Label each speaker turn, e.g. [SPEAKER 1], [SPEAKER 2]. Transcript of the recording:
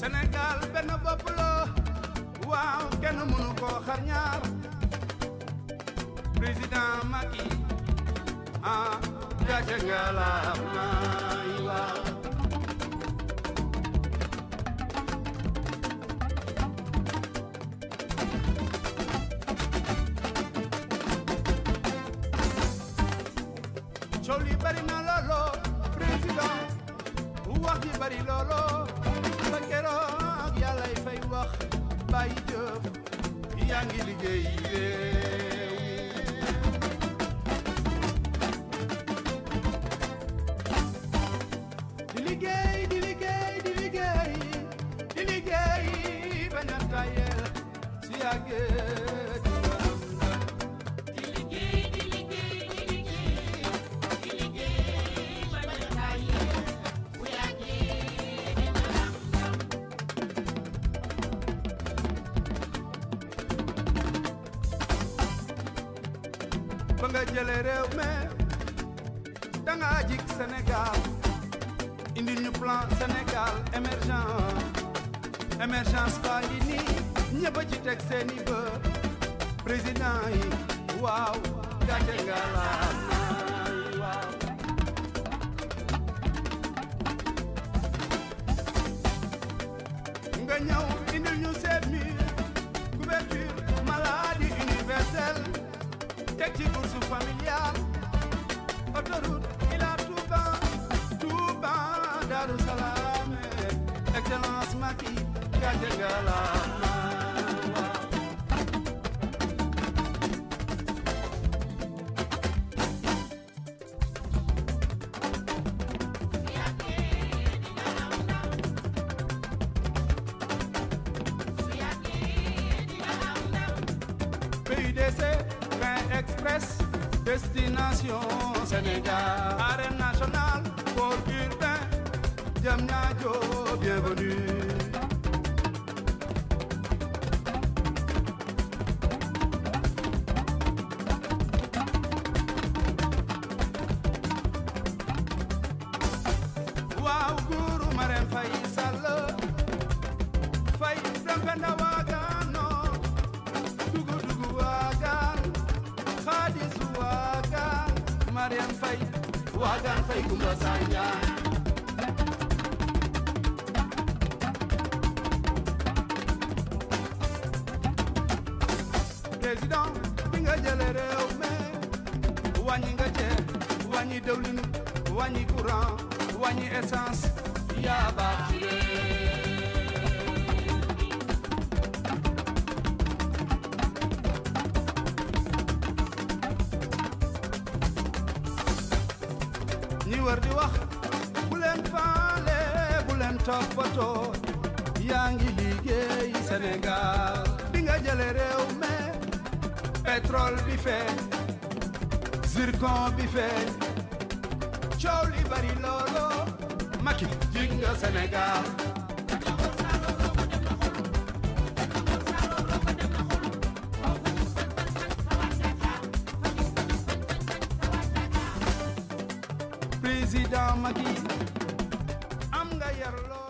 [SPEAKER 1] Sénégal benn bopp la waaw kenn mënu koo xar ñaar président Macky ah gàcce nga la may waaw coow li président wax bari looloo bàyyi jëf yaa ngi liggéey réew di liggéey di liggéey di liggéey di liggéey bañ a tayel si yàggee ba nga jële réew me danga jik Sénégal indi ñu plan Sénégal émergent émergence baa ngi nii ñëpp a seeni bë président yi waaw gàcce nga laa maki gaje galama Express, destination Sénégal, arène nationale pour Diamniadio, bienvenue. Waaw guru Marème Faye Sall Faye dambanda waagaano dugu dugu waagaan xaadisu waagaan Marème Faye waagaan Faye Kumba Sanjaan président bi nga jëlee réew mi wàññi nga ceeb wàññi dëwlin wàññi courant wàññi essence yaa baax ñi wër di wax bu leen faale bu leen toppatoo yaa ngi liggéey Sénégal bi nga jëlee réew pétrole bi feeñ zircon bi feeñ coow li bari looloo Macky jig nga Sénégal président am nga yar